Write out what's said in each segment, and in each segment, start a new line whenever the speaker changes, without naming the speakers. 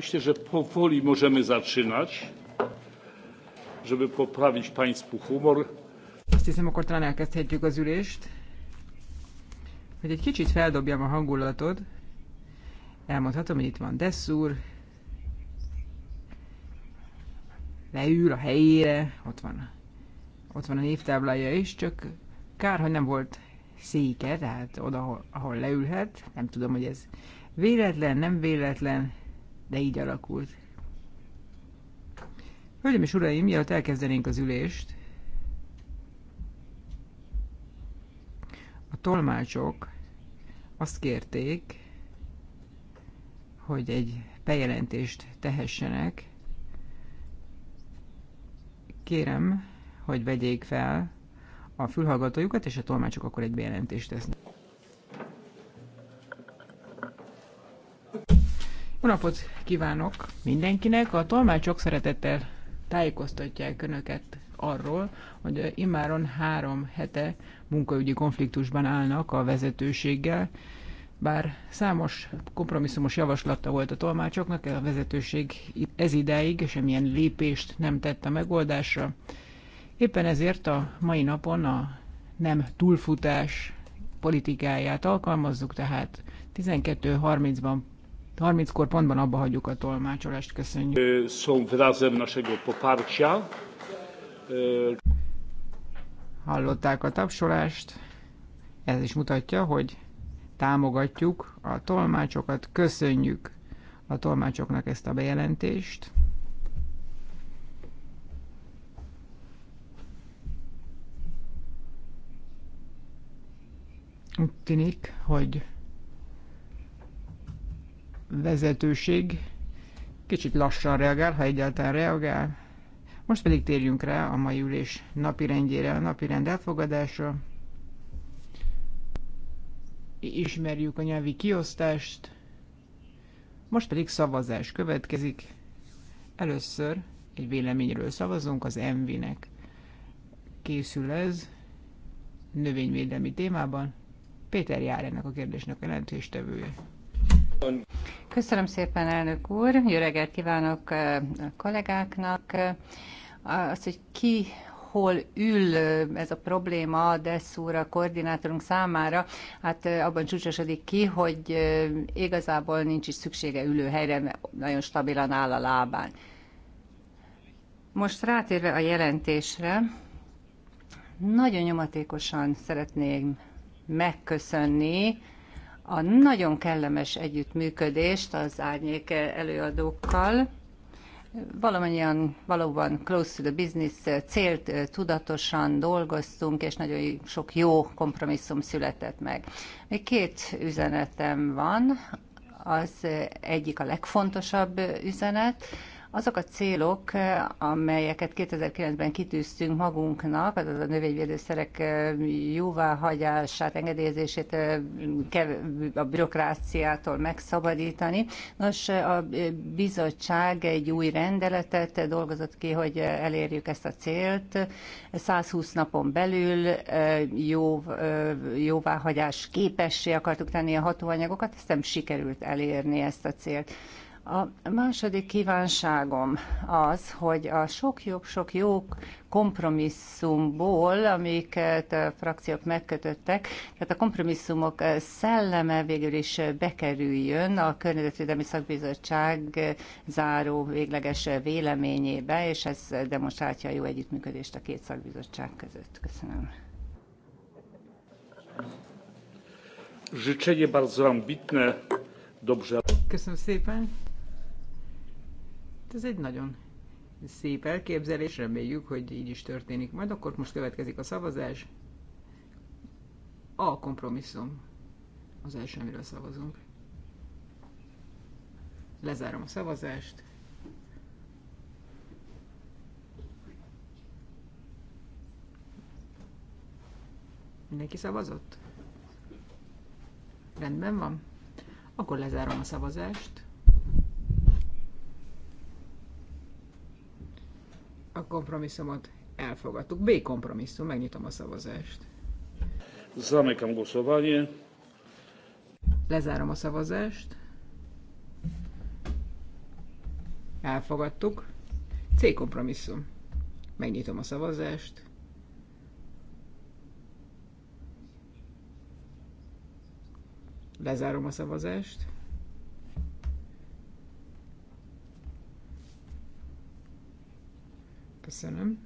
Myślę, że powoli możemy zaczynać, żeby poprawić Państwu humor.
Azt hiszem, akkor talán elkezdhetjük az ülést. Hogy egy kicsit feldobjam a hangulatot, elmondhatom, hogy itt van Dessur, leül a helyére, ott van, ott van a névtáblája is, csak kár, hogy nem volt széke, tehát oda, ahol leülhet. Nem tudom, hogy ez véletlen, nem véletlen de így alakult. Hölgyeim és uraim, mielőtt elkezdenénk az ülést, a tolmácsok azt kérték, hogy egy bejelentést tehessenek. Kérem, hogy vegyék fel a fülhallgatójukat, és a tolmácsok akkor egy bejelentést tesznek. Unapot kívánok mindenkinek! A tolmácsok szeretettel tájékoztatják Önöket arról, hogy immáron három hete munkaügyi konfliktusban állnak a vezetőséggel, bár számos kompromisszumos javaslata volt a tolmácsoknak, a vezetőség ez idáig semmilyen lépést nem tett a megoldásra. Éppen ezért a mai napon a nem túlfutás politikáját alkalmazzuk, tehát 12.30-ban 30-kor pontban abba hagyjuk a tolmácsolást. Köszönjük.
Są wyrazem naszego poparcia.
Hallották a tapsolást. Ez is mutatja, hogy támogatjuk a tolmácsokat. Köszönjük a tolmácsoknak ezt a bejelentést. Úgy tűnik, hogy vezetőség kicsit lassan reagál, ha egyáltalán reagál. Most pedig térjünk rá a mai ülés napirendjére, a napirend elfogadása. Ismerjük a nyelvi kiosztást. Most pedig szavazás következik. Először egy véleményről szavazunk az MV-nek. Készül ez
növényvédelmi témában. Péter jár ennek a kérdésnek a jelentéstevője. Köszönöm szépen, elnök úr. Jó reggelt kívánok a kollégáknak. Az, hogy ki hol ül ez a probléma a koordinátorunk számára, hát abban csúcsosodik ki, hogy igazából nincs is szüksége ülőhelyre, mert nagyon stabilan áll a lábán. Most rátérve a jelentésre, nagyon nyomatékosan szeretném megköszönni a nagyon kellemes együttműködést az árnyék előadókkal. Valamennyian valóban close to the business célt tudatosan dolgoztunk, és nagyon sok jó kompromisszum született meg. Még két üzenetem van. Az egyik a legfontosabb üzenet, azok a célok, eh, amelyeket 2009-ben kitűztünk magunknak, azaz a növényvédőszerek eh, jóváhagyását, engedélyezését, eh, a bürokráciától megszabadítani. Nos, a bizottság egy új rendeletet dolgozott ki, hogy elérjük ezt a célt. 120 napon belül jó, jóváhagyás képessé akartuk tenni a hatóanyagokat, ezt nem sikerült elérni ezt a célt. A második kívánságom az, hogy a sok jobb, sok jó kompromisszumból, amiket a frakciók megkötöttek, tehát a kompromisszumok szelleme végül is bekerüljön a Környezetvédelmi Szakbizottság záró végleges véleményébe, és ez demonstrálja a jó együttműködést a két szakbizottság között. Köszönöm.
Życzenie bardzo ambitne,
dobrze. Köszönöm szépen. Hát ez egy nagyon szép elképzelés, reméljük, hogy így is történik. Majd akkor most következik a szavazás. A kompromisszum az első, amiről szavazunk. Lezárom a szavazást. Mindenki szavazott? Rendben van. Akkor lezárom a szavazást. A kompromisszumot elfogadtuk. B kompromisszum, megnyitom a szavazást.
Zamykam głosowanie.
Lezárom a szavazást. Elfogadtuk. C kompromisszum. Megnyitom a szavazást. Lezárom a szavazást. Köszönöm.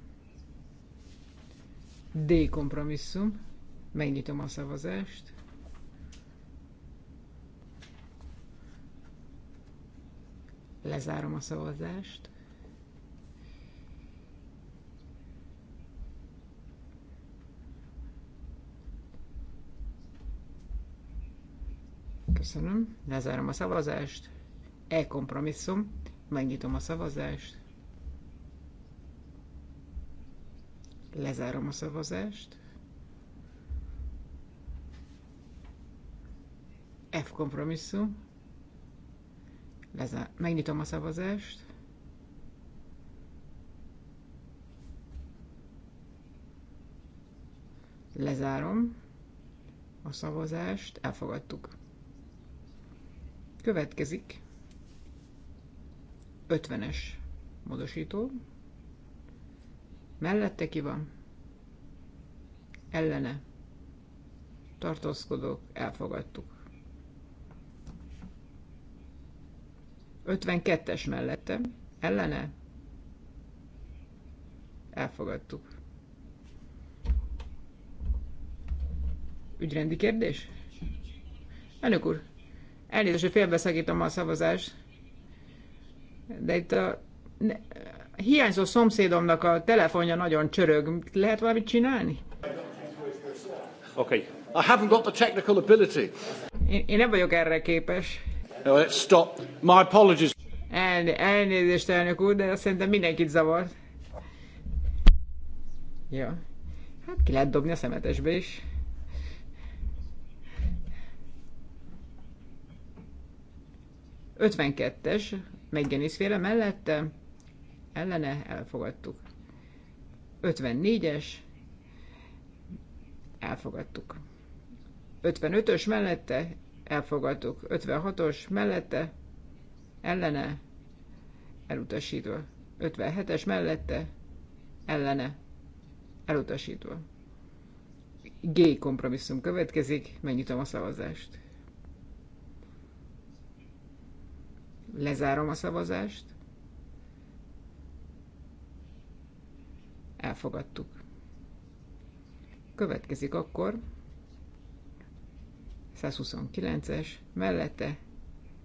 D kompromisszum. Megnyitom a szavazást. Lezárom a szavazást. Köszönöm. Lezárom a szavazást. E kompromisszum. Megnyitom a szavazást. Lezárom a szavazást. F kompromisszum. Lezár. Megnyitom a szavazást. Lezárom a szavazást. Elfogadtuk. Következik 50-es módosító. Mellette ki van? Ellene. Tartózkodók, elfogadtuk. 52-es mellette. Ellene. Elfogadtuk. Ügyrendi kérdés? Elnök úr, elnézést, hogy félbeszakítom a szavazást, de itt a, hiányzó szomszédomnak a telefonja nagyon csörög. Lehet valamit csinálni? Okay. I haven't got the technical ability. Én, én nem vagyok erre képes. No, let's stop. My apologies. El, elnézést, elnök úr, de szerintem mindenkit zavart. Ja. Hát ki lehet dobni a szemetesbe is. Ötvenkettes, meggenisz mellette ellene elfogadtuk. 54-es elfogadtuk. 55-ös mellette elfogadtuk. 56-os mellette ellene elutasítva. 57-es mellette ellene elutasítva. G kompromisszum következik, megnyitom a szavazást. Lezárom a szavazást. elfogadtuk. Következik akkor 129-es, mellette,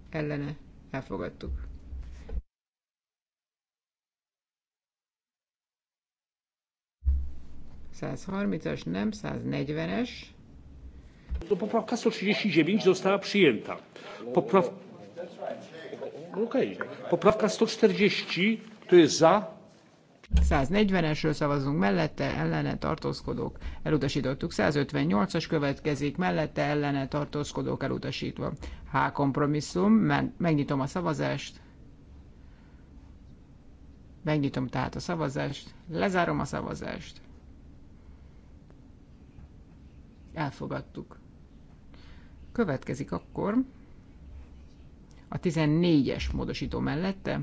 ellene, elfogadtuk. as nem,
140-es. Poprawka 139 została przyjęta. Popraw... Okay. Poprawka 140, kto jest za?
140-esről szavazunk mellette, ellene tartózkodók elutasítottuk. 158-as következik mellette, ellene tartózkodók elutasítva. H kompromisszum, megnyitom a szavazást. Megnyitom tehát a szavazást, lezárom a szavazást. Elfogadtuk. Következik akkor a 14-es módosító mellette.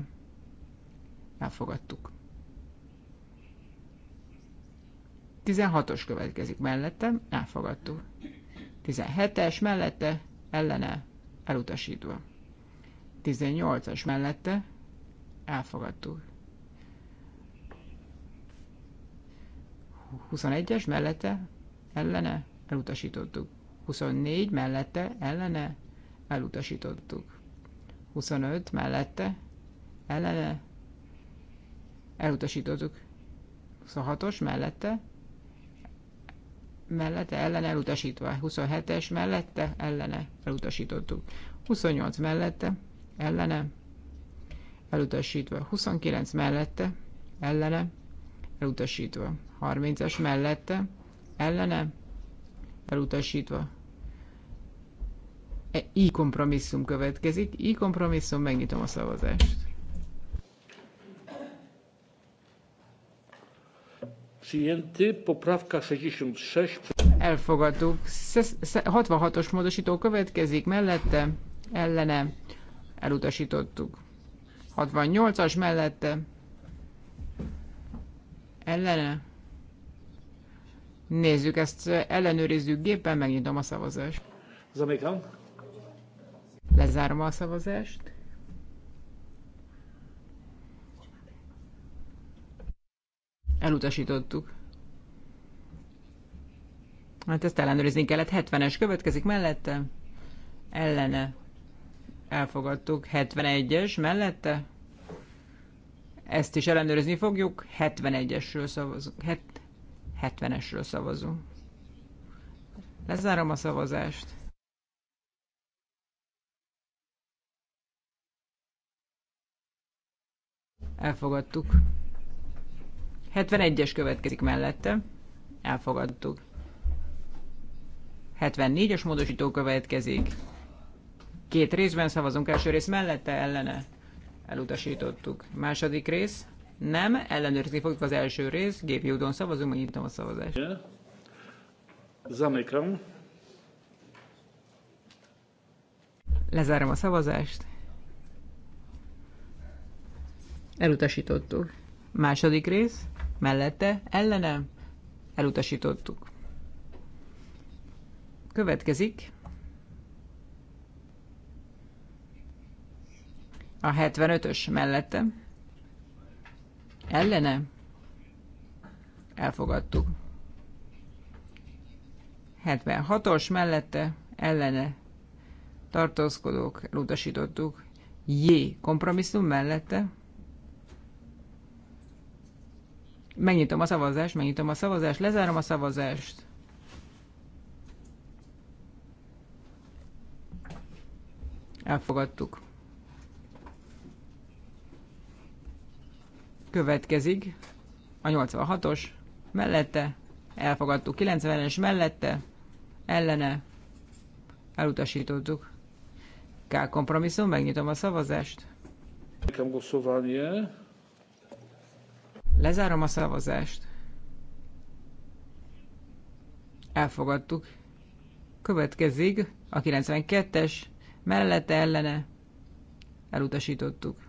Elfogadtuk. 16-os következik mellettem, elfogadtuk. 17-es mellette, ellene, elutasítva. 18-as mellette, elfogadtuk. 21-es mellette, ellene, elutasítottuk. 24 mellette, ellene, elutasítottuk. 25 mellette, ellene, elutasítottuk. 26-os mellette, mellette ellene elutasítva, 27-es mellette ellene elutasítottuk, 28 mellette ellene elutasítva, 29 mellette ellene elutasítva, 30-as mellette ellene elutasítva. E, így kompromisszum következik, így kompromisszum, megnyitom a szavazást.
Przyjęty. Poprawka 66.
Elfogadtuk. 66-os módosító következik, mellette ellene elutasítottuk. 68-as mellette ellene. Nézzük ezt, ellenőrizzük gépen, megnyitom a szavazást. Zamykam. Lezárom a szavazást. elutasítottuk. Hát ezt ellenőrizni kellett. 70-es következik mellette. Ellene. Elfogadtuk. 71-es mellette. Ezt is ellenőrizni fogjuk. 71-esről szavazunk. 70-esről szavazunk. Lezárom a szavazást. Elfogadtuk. 71-es következik mellette. Elfogadtuk. 74-es módosító következik. Két részben szavazunk. Első rész mellette, ellene. Elutasítottuk. Második rész. Nem, ellenőrizni fogjuk az első rész. Gépi úton szavazunk, nyitom a szavazást.
Zamykam.
Lezárom a szavazást. Elutasítottuk. Második rész mellette, ellene, elutasítottuk. Következik a 75-ös mellette, ellene, elfogadtuk. 76-os mellette, ellene, tartózkodók, elutasítottuk. J. Kompromisszum mellette, Megnyitom a szavazást, megnyitom a szavazást, lezárom a szavazást. Elfogadtuk. Következik a 86-os, mellette, elfogadtuk 90-es, mellette, ellene, elutasítottuk. K kompromisszum, megnyitom a szavazást. Nekem Lezárom a szavazást. Elfogadtuk. Következik a 92-es, mellette ellene elutasítottuk.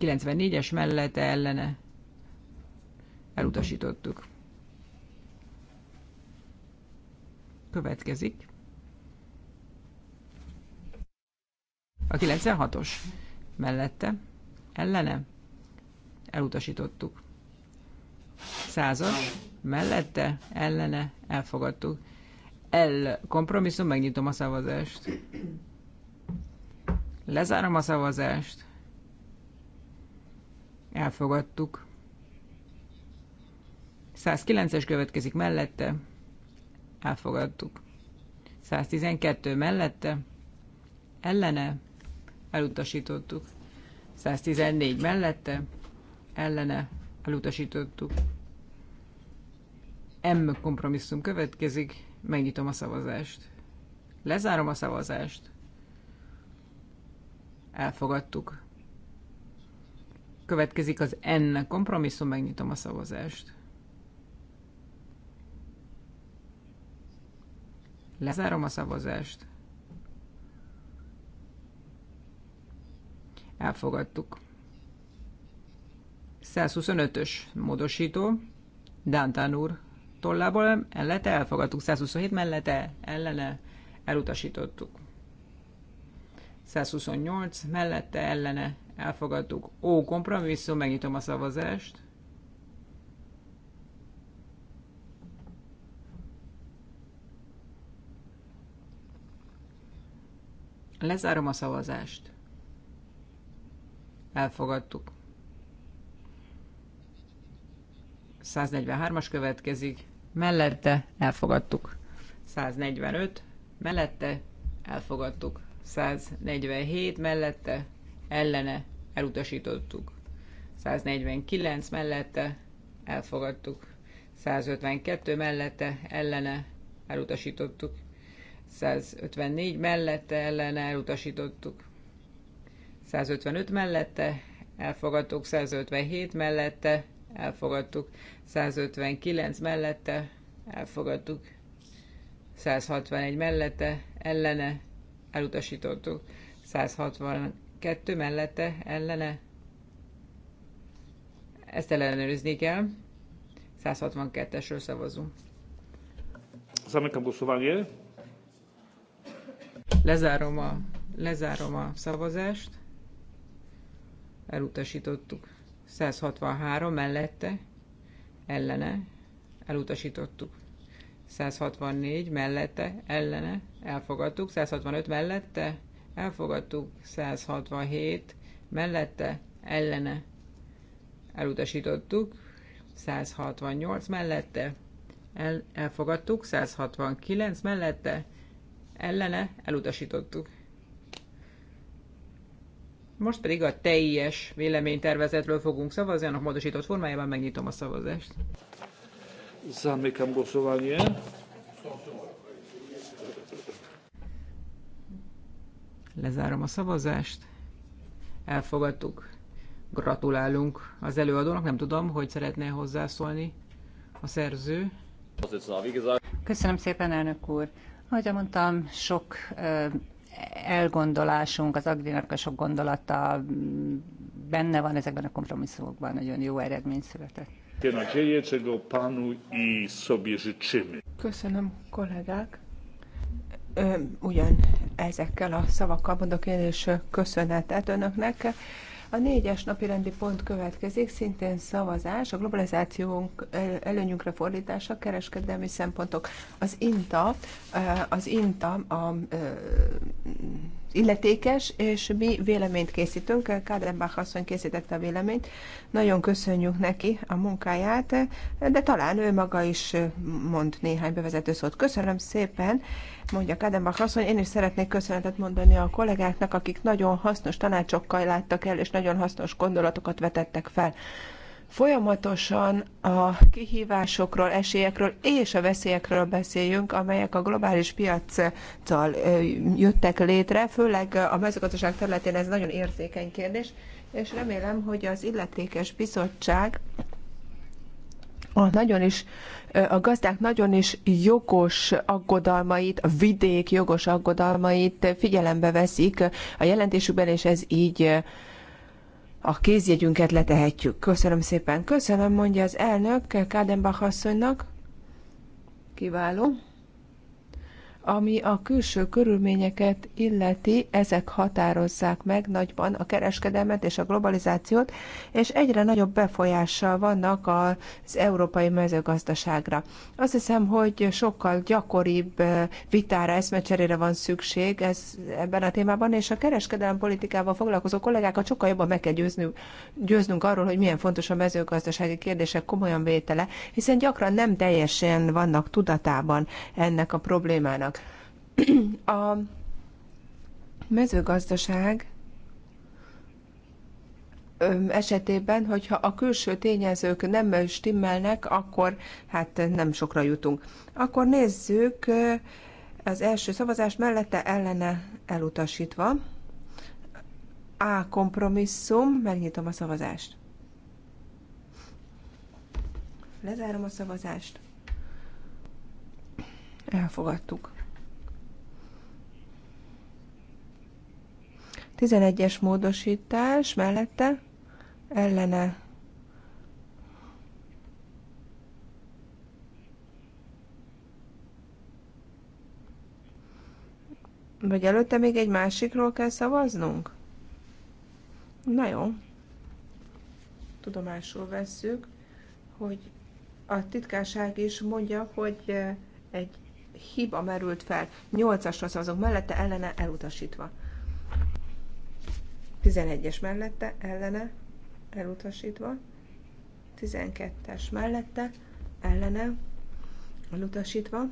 94-es mellette ellene elutasítottuk. Következik. A 96-os mellette ellene, elutasítottuk. Százas, mellette, ellene, elfogadtuk. El kompromisszum, megnyitom a szavazást. Lezárom a szavazást. Elfogadtuk. 109-es következik mellette. Elfogadtuk. 112 mellette. Ellene. Elutasítottuk. 114 mellette, ellene elutasítottuk. M kompromisszum következik, megnyitom a szavazást. Lezárom a szavazást. Elfogadtuk. Következik az N kompromisszum, megnyitom a szavazást. Lezárom a szavazást. Elfogadtuk. 125-ös módosító. Dántán úr tollából ellete elfogadtuk. 127 mellette ellene elutasítottuk. 128 mellette ellene elfogadtuk. Ó, kompromisszum, megnyitom a szavazást. Lezárom a szavazást. Elfogadtuk. 143-as következik. Mellette elfogadtuk. 145. Mellette elfogadtuk. 147 mellette, ellene elutasítottuk. 149 mellette elfogadtuk. 152 mellette, ellene elutasítottuk. 154 mellette, ellene elutasítottuk. 155 mellette elfogadtuk, 157 mellette elfogadtuk, 159 mellette elfogadtuk, 161 mellette ellene elutasítottuk, 162 mellette ellene ezt ellenőrizni kell. 162-esről szavazunk.
Zamykam głosowanie.
Lezárom a, lezárom a szavazást elutasítottuk. 163 mellette, ellene, elutasítottuk. 164 mellette, ellene, elfogadtuk. 165 mellette, elfogadtuk. 167 mellette, ellene, elutasítottuk. 168 mellette, el, elfogadtuk. 169 mellette, ellene, elutasítottuk. Most pedig a teljes véleménytervezetről fogunk szavazni, annak módosított formájában megnyitom a szavazást.
Zamykam głosowanie.
Lezárom a szavazást. Elfogadtuk. Gratulálunk az előadónak. Nem tudom, hogy szeretne hozzászólni
a szerző. Köszönöm szépen, elnök úr. Ahogy mondtam, sok elgondolásunk, az Agrinak a sok gondolata benne van ezekben a kompromisszumokban, nagyon jó eredmény született. Köszönöm, kollégák!
Ugyan ezekkel a szavakkal mondok én is köszönetet önöknek. A négyes napi rendi pont következik, szintén szavazás, a globalizációnk előnyünkre fordítása, kereskedelmi szempontok. Az INTA, eh, az INTA a eh, illetékes, és mi véleményt készítünk. Kádenbach asszony készítette a véleményt. Nagyon köszönjük neki a munkáját, de talán ő maga is mond néhány bevezető szót. Köszönöm szépen, mondja Kádenbach asszony. Én is szeretnék köszönetet mondani a kollégáknak, akik nagyon hasznos tanácsokkal láttak el, és nagyon hasznos gondolatokat vetettek fel. Folyamatosan a kihívásokról, esélyekről és a veszélyekről beszéljünk, amelyek a globális piaccal jöttek létre, főleg a mezőgazdaság területén ez nagyon érzékeny kérdés, és remélem, hogy az illetékes bizottság a nagyon is, a gazdák nagyon is jogos aggodalmait, a vidék jogos aggodalmait figyelembe veszik a jelentésükben, és ez így a kézjegyünket letehetjük. Köszönöm szépen. Köszönöm, mondja az elnök Kádenbach asszonynak. Kiváló. Ami a külső körülményeket illeti, ezek határozzák meg nagyban a kereskedelmet és a globalizációt, és egyre nagyobb befolyással vannak az európai mezőgazdaságra. Azt hiszem, hogy sokkal gyakoribb eh, vitára, eszmecserére van szükség ez, ebben a témában, és a kereskedelem politikával foglalkozó kollégákat sokkal jobban meg kell győznünk, győznünk arról, hogy milyen fontos a mezőgazdasági kérdések komolyan vétele, hiszen gyakran nem teljesen vannak tudatában ennek a problémának a mezőgazdaság esetében, hogyha a külső tényezők nem stimmelnek, akkor hát nem sokra jutunk. Akkor nézzük az első szavazás mellette ellene elutasítva. A kompromisszum, megnyitom a szavazást. Lezárom a szavazást. Elfogadtuk. 11-es módosítás mellette ellene Vagy előtte még egy másikról kell szavaznunk? Na jó. Tudomásul vesszük, hogy a titkárság is mondja, hogy eh, egy hiba merült fel. Nyolcasra szavazunk mellette, ellene elutasítva. 11-es mellette ellene elutasítva, 12-es mellette ellene elutasítva,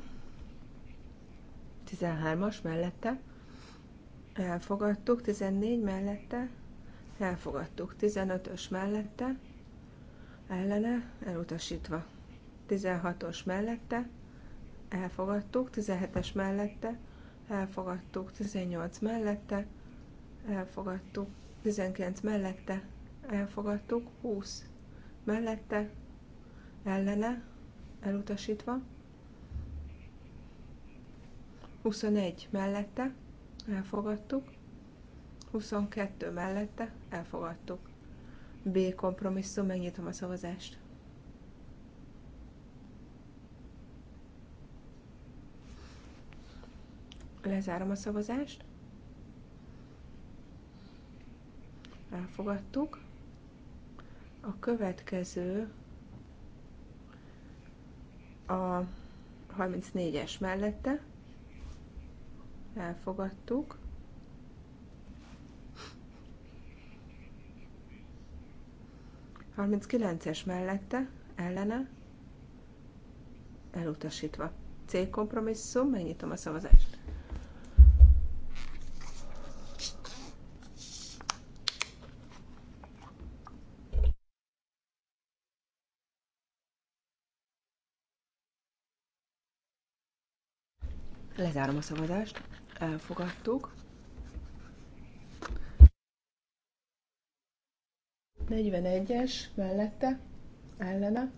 13-as mellette elfogadtuk, 14 mellette elfogadtuk, 15-ös mellette ellene elutasítva, 16-os mellette elfogadtuk, 17-es mellette elfogadtuk, 18 mellette elfogadtuk. 19 mellette elfogadtuk, 20 mellette ellene elutasítva, 21 mellette elfogadtuk, 22 mellette elfogadtuk. B kompromisszum, megnyitom a szavazást. Lezárom a szavazást. elfogadtuk. A következő a 34-es mellette, elfogadtuk. es mellette, ellene, elutasítva. C kompromisszum, megnyitom a szavazást. Lezárom a szavazást. Elfogadtuk. 41-es mellette, ellene,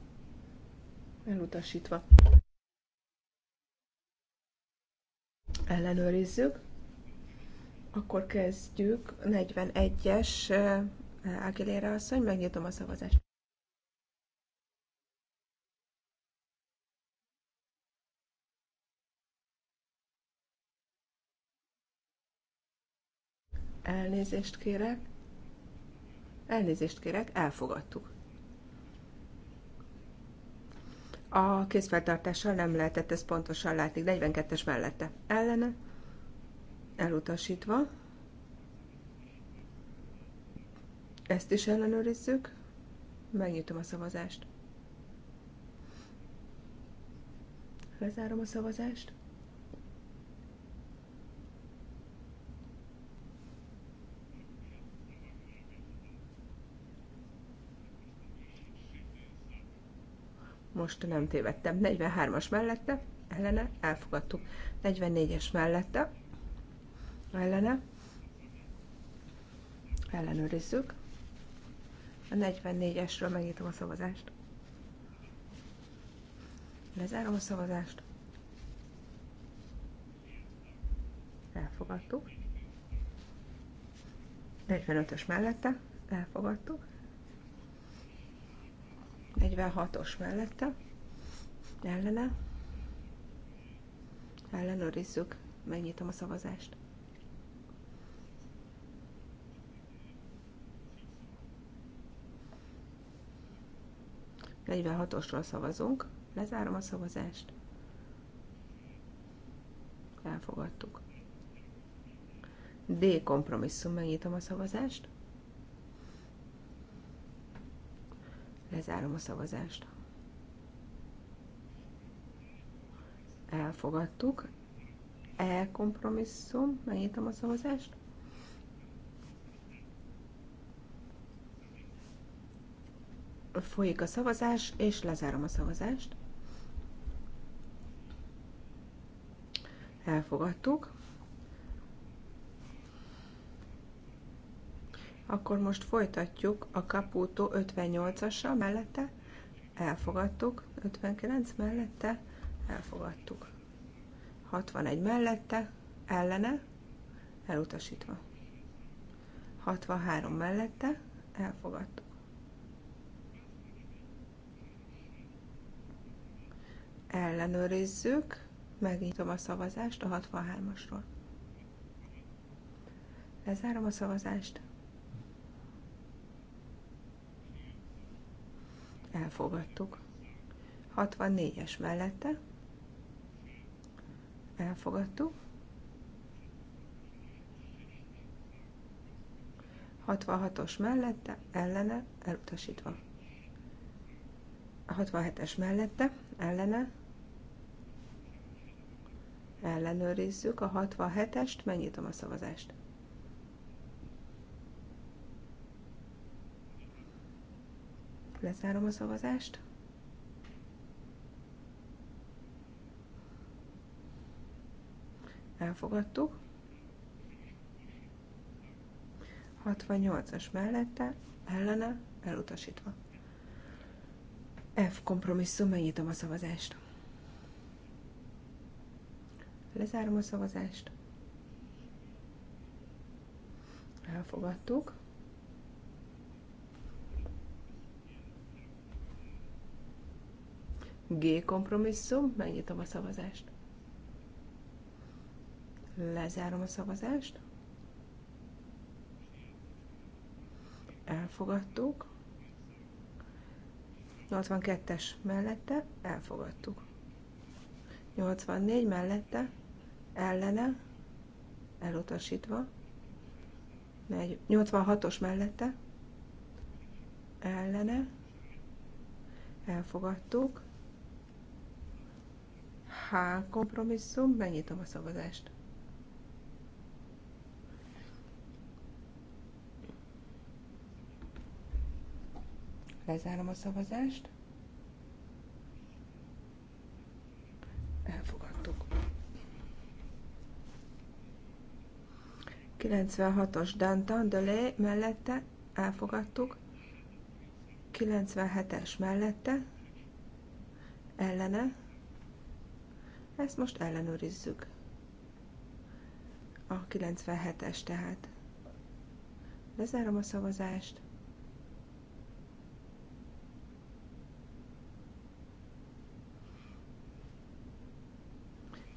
elutasítva. Ellenőrizzük. Akkor kezdjük. 41-es eh, Aguilera asszony, megnyitom a szavazást. Elnézést kérek. Elnézést kérek, elfogadtuk. A kézfeltartással nem lehetett ez pontosan látni. 42-es mellette. Ellene. Elutasítva. Ezt is ellenőrizzük. Megnyitom a szavazást. Lezárom a szavazást. most nem tévedtem. 43-as mellette, ellene, elfogadtuk. 44-es mellette, ellene, ellenőrizzük. A 44-esről megnyitom a szavazást. Lezárom a szavazást. Elfogadtuk. 45-ös mellette elfogadtuk. 46-os mellette, ellene, ellenőrizzük, megnyitom a szavazást. Negyvenhatosról szavazunk, lezárom a szavazást. Elfogadtuk. D kompromisszum, megnyitom a szavazást. Lezárom a szavazást. Elfogadtuk. Elkompromisszum. Megnyitom a szavazást. Folyik a szavazás, és lezárom a szavazást. Elfogadtuk. Akkor most folytatjuk a Caputo 58-assal mellette. Elfogadtuk. 59 mellette. Elfogadtuk. 61 mellette. Ellene. Elutasítva. 63 mellette. Elfogadtuk. Ellenőrizzük. Megnyitom a szavazást a 63-asról. Lezárom a szavazást. elfogadtuk. 64-es mellette, elfogadtuk. 66-os mellette, ellene, elutasítva. 67-es mellette, ellene, ellenőrizzük a 67-est, megnyitom a szavazást. Lezárom a szavazást. Elfogadtuk. 68-as mellette, ellene, elutasítva. F kompromisszum, megnyitom a szavazást. Lezárom a szavazást. Elfogadtuk. G kompromisszum, megnyitom a szavazást. Lezárom a szavazást. Elfogadtuk. 82-es mellette elfogadtuk. 84 mellette ellene elutasítva. 86-os mellette ellene elfogadtuk kompromisszum, megnyitom a szavazást. Lezárom a szavazást. Elfogadtuk. 96-os Danton lé mellette elfogadtuk. 97-es mellette ellene ezt most ellenőrizzük. A 97-es tehát. Lezárom a szavazást.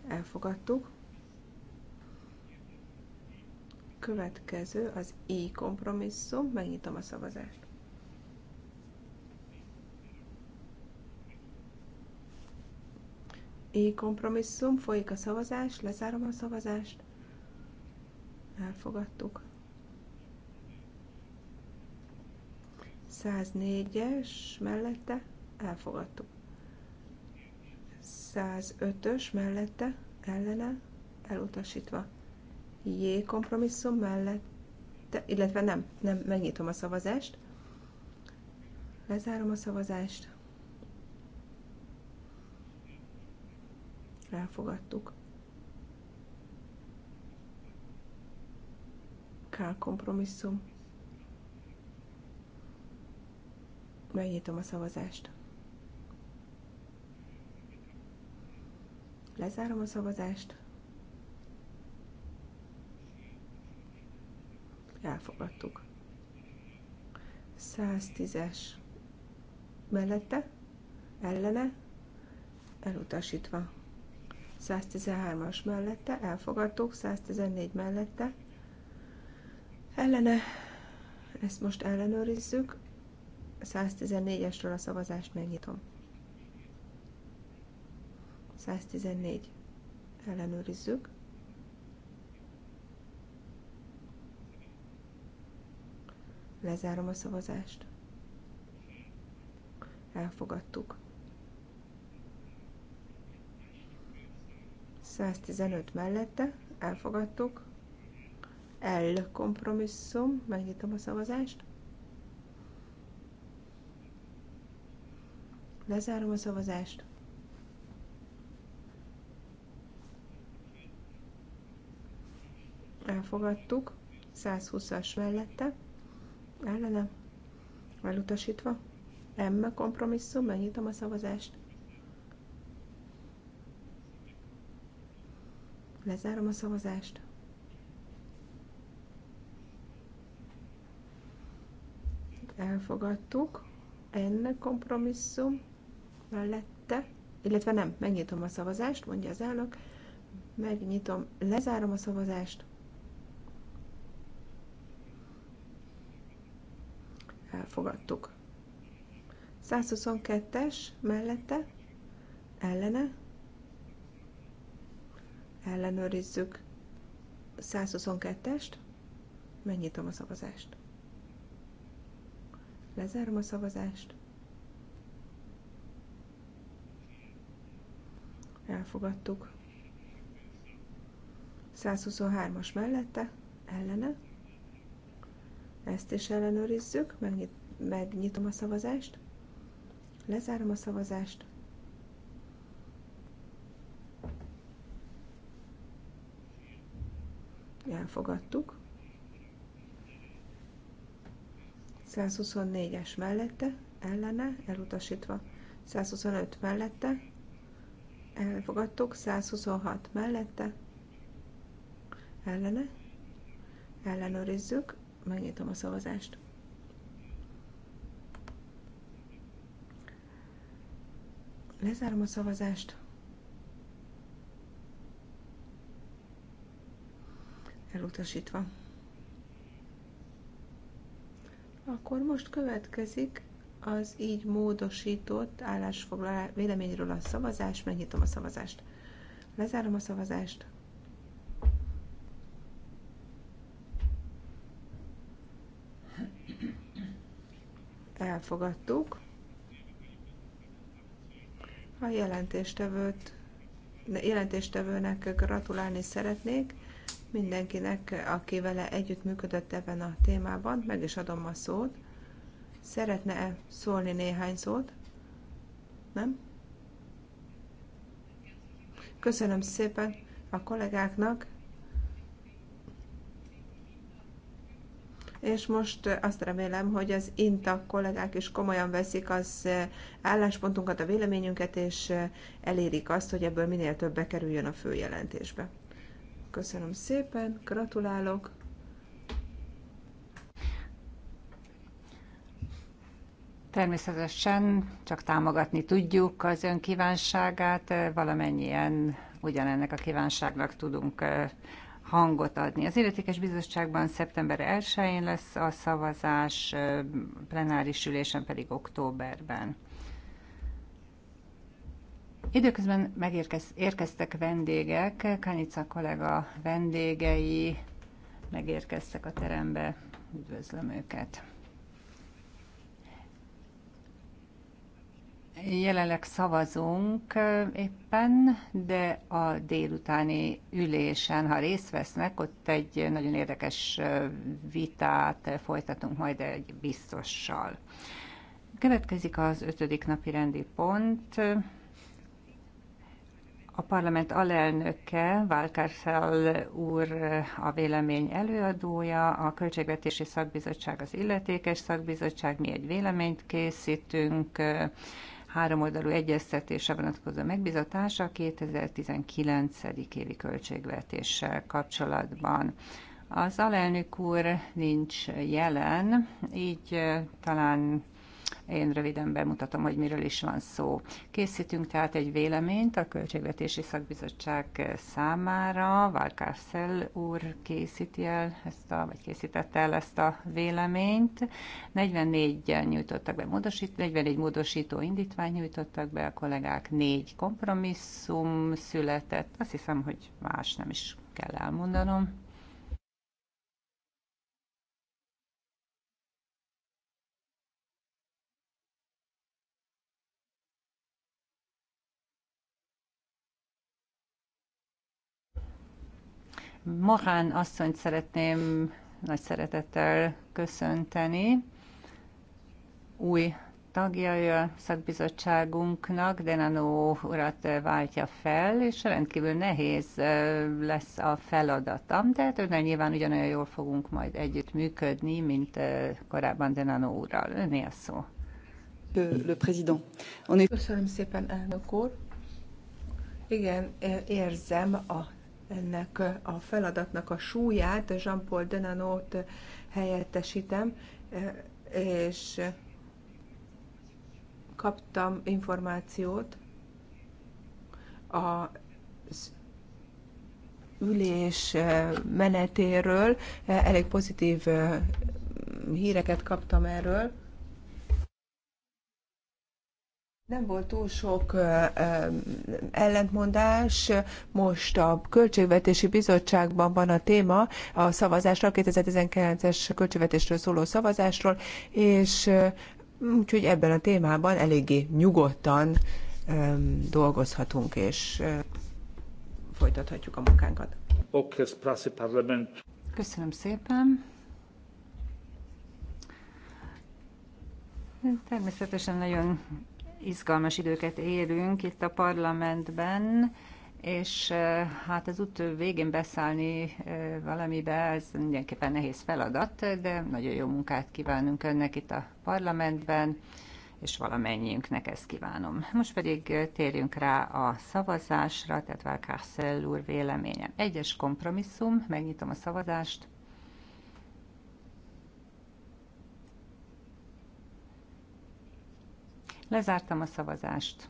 Elfogadtuk. Következő az I kompromisszum. Megnyitom a szavazást. I kompromisszum, folyik a szavazás, lezárom a szavazást. Elfogadtuk. 104-es mellette elfogadtuk. 105-ös mellette ellene elutasítva. J kompromisszum mellette, illetve nem, nem, megnyitom a szavazást. Lezárom a szavazást. elfogadtuk. K kompromisszum. Megnyitom a szavazást. Lezárom a szavazást. Elfogadtuk. 110-es mellette, ellene, elutasítva. 113-as mellette, elfogadtuk, 114 mellette, ellene, ezt most ellenőrizzük, 114-esről a szavazást megnyitom. 114. Ellenőrizzük. Lezárom a szavazást. Elfogadtuk. 115 mellette, elfogadtuk. L kompromisszum, megnyitom a szavazást. Lezárom a szavazást. Elfogadtuk. 120-as mellette. Ellene. Elutasítva. M kompromisszum, megnyitom a szavazást. Lezárom a szavazást. Elfogadtuk. ennek kompromisszum mellette, illetve nem, megnyitom a szavazást, mondja az elnök. Megnyitom, lezárom a szavazást. Elfogadtuk. 122-es mellette, ellene, ellenőrizzük 122-est, megnyitom a szavazást. Lezárom a szavazást. Elfogadtuk. 123-as mellette, ellene. Ezt is ellenőrizzük, megnyitom a szavazást. Lezárom a szavazást. elfogadtuk. 124-es mellette, ellene, elutasítva. 125 mellette, elfogadtuk. 126 mellette, ellene, ellenőrizzük, megnyitom a szavazást. Lezárom a szavazást. elutasítva. Akkor most következik az így módosított állásfoglalás véleményről a szavazás. Megnyitom a szavazást. Lezárom a szavazást. Elfogadtuk. A jelentéstevőt, jelentéstevőnek gratulálni szeretnék mindenkinek, aki vele együtt működött ebben a témában. Meg is adom a szót. Szeretne-e szólni néhány szót? Nem? Köszönöm szépen a kollégáknak. és most azt remélem, hogy az INTA kollégák is komolyan veszik az álláspontunkat, a véleményünket, és elérik azt, hogy ebből minél több bekerüljön a főjelentésbe. Köszönöm szépen, gratulálok.
Természetesen csak támogatni tudjuk az ön kívánságát, valamennyien ugyanennek a kívánságnak tudunk hangot adni. Az Illetékes Bizottságban szeptember 1-én lesz a szavazás, plenáris ülésen pedig októberben. Időközben megérkeztek vendégek, Kanica kollega vendégei megérkeztek a terembe, üdvözlöm őket. Jelenleg szavazunk eh, éppen, de a délutáni ülésen, ha részt vesznek, ott egy nagyon érdekes eh, vitát eh, folytatunk majd egy biztossal. Következik az ötödik napi rendi pont. A parlament alelnöke, Valkárszál úr a vélemény előadója, a Költségvetési Szakbizottság az illetékes szakbizottság, mi egy véleményt készítünk, háromoldalú egyeztetése vonatkozó megbizatása 2019. évi költségvetéssel kapcsolatban. Az alelnök úr nincs jelen, így eh, talán én röviden bemutatom, hogy miről is van szó. Készítünk tehát egy véleményt a Költségvetési Szakbizottság számára. Valkárszel úr készíti el ezt a, vagy készítette el ezt a véleményt. 44 nyújtottak be módosít, 44 módosító indítvány nyújtottak be a kollégák, négy kompromisszum született. Azt hiszem, hogy más nem is kell elmondanom. Mohán asszonyt szeretném nagy szeretettel köszönteni. Új tagja a szakbizottságunknak, Denanó urat váltja fel, és rendkívül nehéz lesz a feladata, de önnel hát nyilván ugyanolyan jól fogunk majd együtt működni, mint korábban Denanó úrral. Öné a szó. Le président.
Köszönöm szépen, elnök úr. Igen, érzem a ennek a feladatnak a súlyát, Jean-Paul Denanot helyettesítem, és kaptam információt az ülés menetéről, elég pozitív híreket kaptam erről. Nem volt túl sok ellentmondás. Most a Költségvetési Bizottságban van a téma a szavazásról, 2019-es költségvetésről szóló szavazásról, és úgyhogy ebben a témában eléggé nyugodtan dolgozhatunk, és
folytathatjuk a munkánkat. Köszönöm szépen. Természetesen nagyon izgalmas időket élünk itt a parlamentben, és hát az út végén beszállni valamibe, ez mindenképpen nehéz feladat, de nagyon jó munkát kívánunk önnek itt a parlamentben, és valamennyiünknek ezt kívánom. Most pedig térjünk rá a szavazásra, tehát Valkárszell úr véleménye. Egyes kompromisszum, megnyitom a szavazást. Lezártam a szavazást.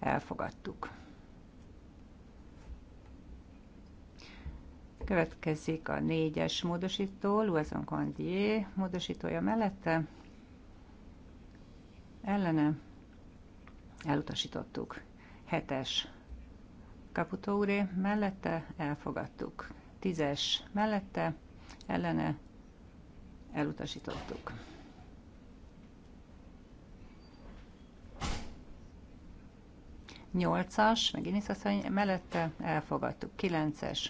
Elfogadtuk. Következik a négyes módosító, Luazon Condier módosítója mellette. Ellene elutasítottuk. Hetes Caputo úré mellette elfogadtuk. Tízes mellette ellene elutasítottuk. 8-as, meg én is azt asszony, mellette elfogadtuk. 9-es,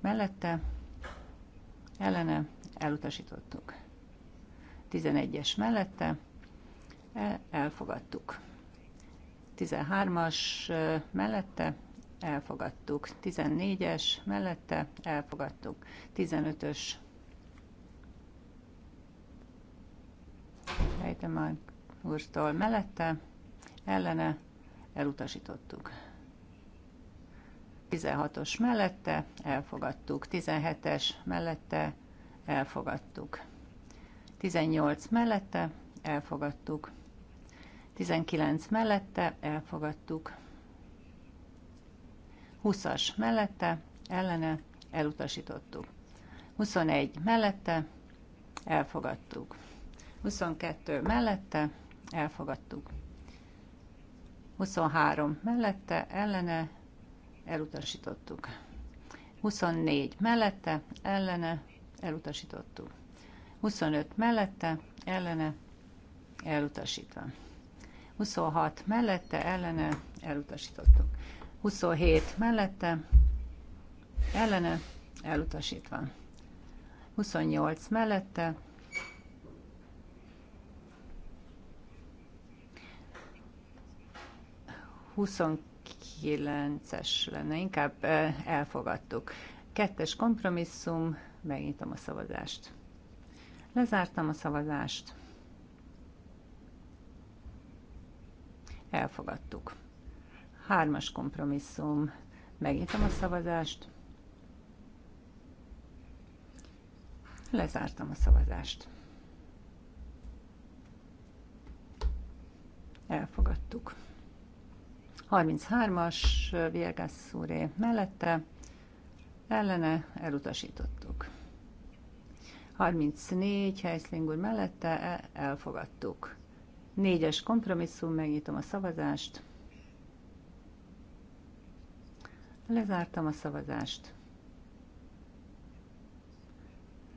mellette, ellene, elutasítottuk. 11-es e, mellette, elfogadtuk. 13-as mellette, elfogadtuk. 14-es mellette, elfogadtuk. 15-ös Rejtemark úrtól mellette, ellene, elutasítottuk. 16-os mellette elfogadtuk, 17-es mellette elfogadtuk, 18 mellette elfogadtuk, 19 mellette elfogadtuk, 20-as mellette ellene elutasítottuk, 21 mellette elfogadtuk, 22 mellette elfogadtuk. 23 mellette, ellene, elutasítottuk. 24 mellette, ellene, elutasítottuk. 25 mellette, ellene, elutasítva. 26 mellette, ellene, elutasítottuk. 27 mellette, ellene, elutasítva. 28 mellette, 29-es lenne, inkább elfogadtuk. Kettes kompromisszum, megnyitom a szavazást. Lezártam a szavazást. Elfogadtuk. Hármas kompromisszum, megnyitom a szavazást. Lezártam a szavazást. Elfogadtuk. 33-as Viegas úré mellette, ellene elutasítottuk. 34 Heisling úr mellette e, elfogadtuk. Négyes kompromisszum, megnyitom a szavazást. Lezártam a szavazást.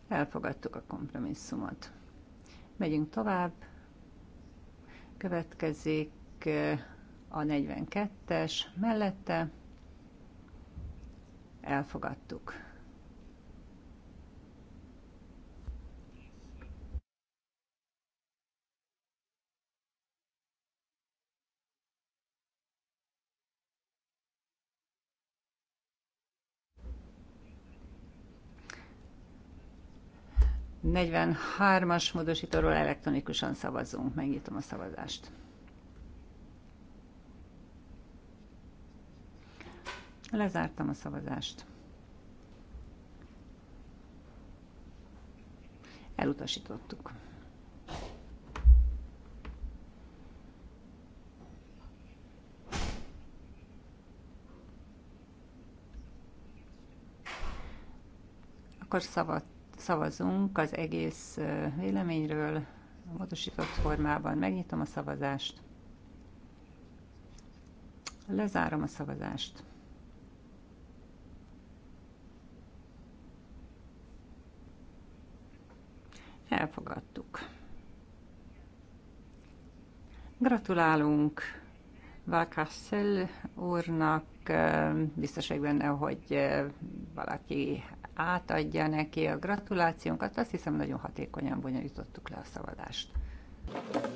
Elfogadtuk a kompromisszumot. Megyünk tovább. Következik a 42-es mellette elfogadtuk. Negyvenhármas módosítóról elektronikusan szavazunk. Megnyitom a szavazást. Lezártam a szavazást. Elutasítottuk. Akkor szavazunk az egész véleményről, módosított formában. Megnyitom a szavazást. Lezárom a szavazást. Elfogadtuk. Gratulálunk Valkasszel úrnak, biztos vagy benne, hogy valaki átadja neki a gratulációnkat. Azt hiszem, nagyon hatékonyan bonyolítottuk le a you.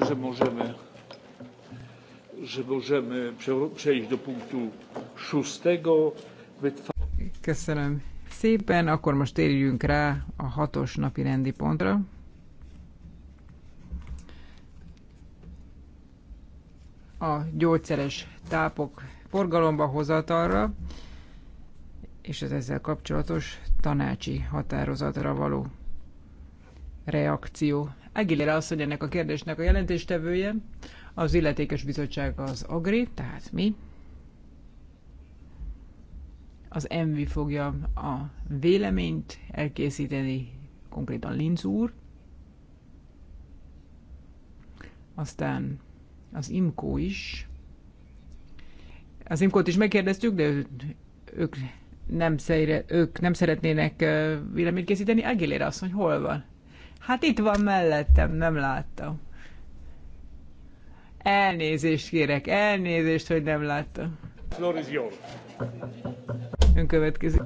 myślę, że możemy, że możemy przejść do punktu szóstego.
Köszönöm szépen, akkor most térjünk rá a hatos napi rendi pontra. A gyógyszeres tápok forgalomba hozatalra és az ezzel kapcsolatos tanácsi határozatra való reakció azt, asszony ennek a kérdésnek a jelentéstevője, az illetékes bizottság az AGRI, tehát mi. Az MV fogja a véleményt elkészíteni, konkrétan Linz úr. Aztán az IMKO is. Az IMKO-t is megkérdeztük, de ők nem, ők nem szeretnének véleményt készíteni. azt, asszony hol van? Hát itt van mellettem, nem láttam. Elnézést kérek, elnézést, hogy nem láttam. Floor is yours. Ön következik.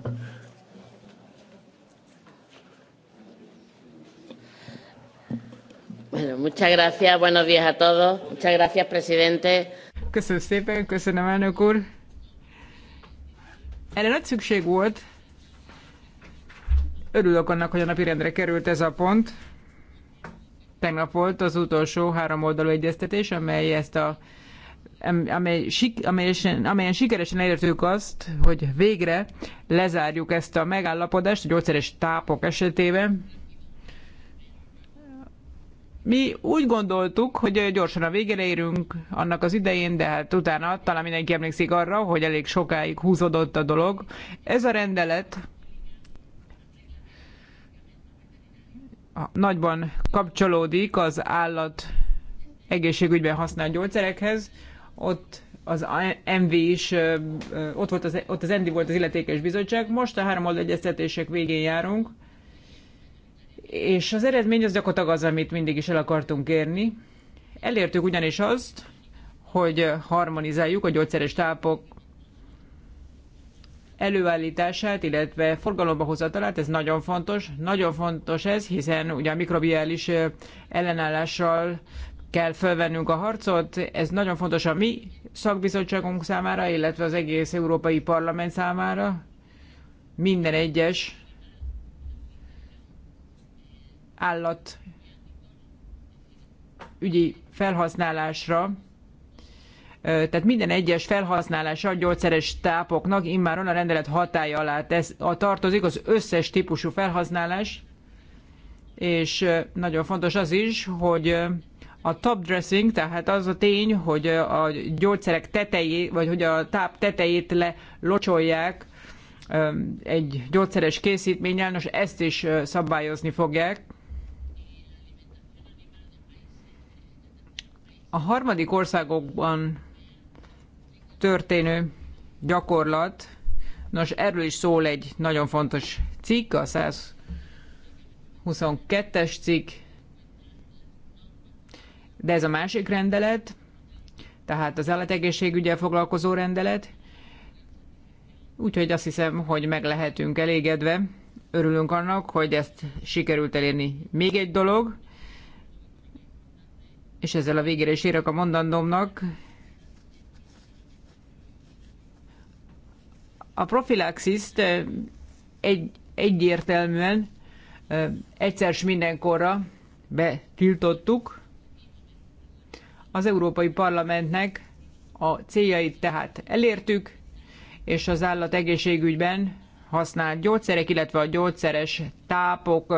Bueno, muchas
gracias, buenos días a todos. Muchas gracias, presidente.
Köszönöm szépen, köszönöm elnök úr. Erre nagy szükség volt, Örülök annak, hogy a napirendre került ez a pont. Tegnap volt az utolsó három oldalú egyeztetés, amely ezt a amely, sik, amelyen, amelyen sikeresen elértük azt, hogy végre lezárjuk ezt a megállapodást a gyógyszeres tápok esetében. Mi úgy gondoltuk, hogy gyorsan a végére érünk annak az idején, de hát utána talán mindenki emlékszik arra, hogy elég sokáig húzódott a dolog. Ez a rendelet nagyban kapcsolódik az állat egészségügyben használt gyógyszerekhez. Ott az MV is, ott, volt az, ott az MD volt az illetékes bizottság, most a három egyeztetések végén járunk, és az eredmény az gyakorlatilag az, amit mindig is el akartunk érni. Elértük ugyanis azt, hogy harmonizáljuk a gyógyszeres tápok, előállítását, illetve forgalomba hozatalát, ez nagyon fontos. Nagyon fontos ez, hiszen ugye a mikrobiális ellenállással kell felvennünk a harcot. Ez nagyon fontos a mi szakbizottságunk számára, illetve az egész Európai Parlament számára. Minden egyes állat ügyi felhasználásra tehát minden egyes felhasználása a gyógyszeres tápoknak immáron a rendelet hatája alá tesz, a tartozik az összes típusú felhasználás, és nagyon fontos az is, hogy a top dressing, tehát az a tény, hogy a gyógyszerek tetejét, vagy hogy a táp tetejét lelocsolják egy gyógyszeres készítménnyel, nos ezt is szabályozni fogják. A harmadik országokban történő gyakorlat. Nos, erről is szól egy nagyon fontos cikk, a 122-es cikk, de ez a másik rendelet, tehát az állategészségügyel foglalkozó rendelet, úgyhogy azt hiszem, hogy meg lehetünk elégedve. Örülünk annak, hogy ezt sikerült elérni. Még egy dolog, és ezzel a végére is érek a mondandómnak, A profilaxiszt egy, egyértelműen egyszer s mindenkorra betiltottuk. Az Európai Parlamentnek a céljait tehát elértük, és az állat egészségügyben használt gyógyszerek, illetve a gyógyszeres tápok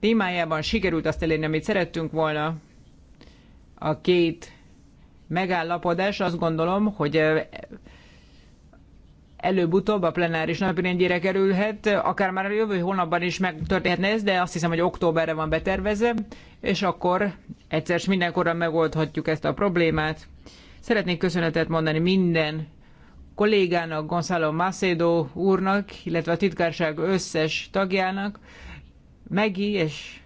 témájában sikerült azt elérni, amit szerettünk volna. A két megállapodás azt gondolom, hogy előbb-utóbb a plenáris napirendjére kerülhet, akár már a jövő hónapban is megtörténhetne ez, de azt hiszem, hogy októberre van betervezve, és akkor egyszer mindenkorra megoldhatjuk ezt a problémát. Szeretnék köszönetet mondani minden kollégának, Gonzalo Macedo úrnak, illetve a titkárság összes tagjának, Megi és